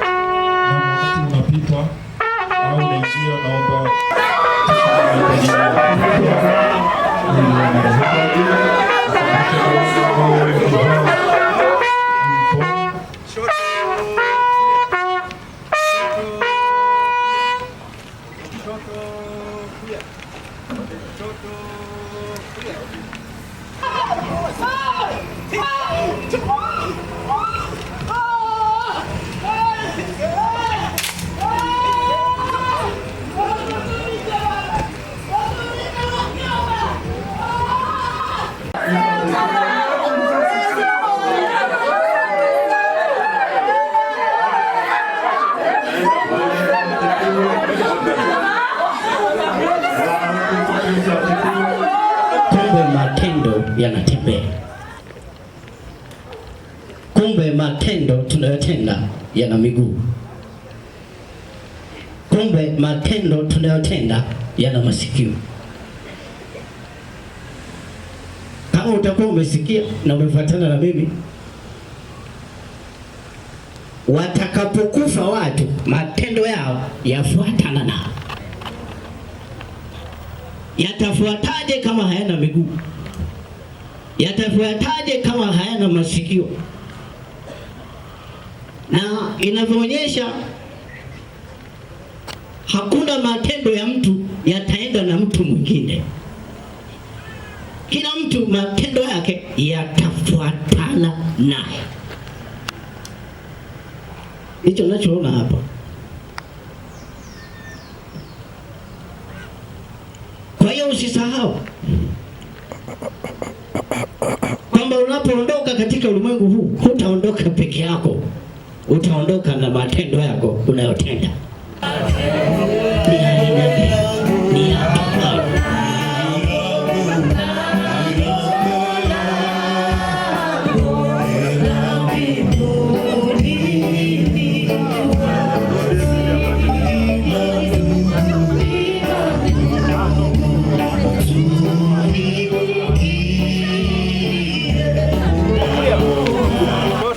na wakati unapitwa au naingia, naomba Mama! Kumbe matendo yanatembea, kumbe matendo tunayotenda yana miguu, kumbe matendo tunayotenda yana masikio. Kama utakuwa umesikia na umefuatana na mimi Watakapokufa watu, matendo yao yafuatana nao. Yatafuataje kama hayana miguu? Yatafuataje kama hayana masikio? Na inavyoonyesha hakuna matendo ya mtu yataenda na mtu mwingine. Kila mtu matendo yake yatafuatana naye hicho nachoona hapa kwa hiyo usisahau kwamba unapoondoka katika ulimwengu huu hutaondoka peke yako, utaondoka na matendo yako unayotenda.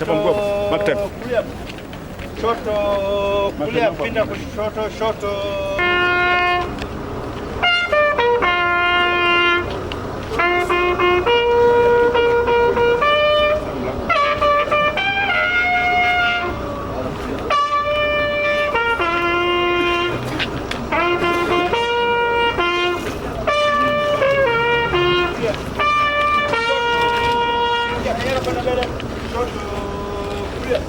Shoto kulia. Shoto Thank you. Julia.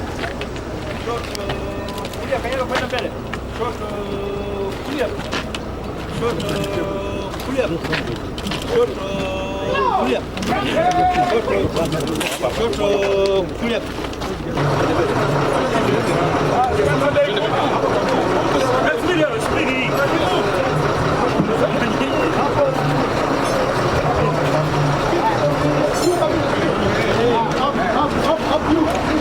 Şok. Julia, kaya kaya pele. Şok. Julia. Şok. Julia. Şok. Julia. Şok. Julia. Şok. Julia.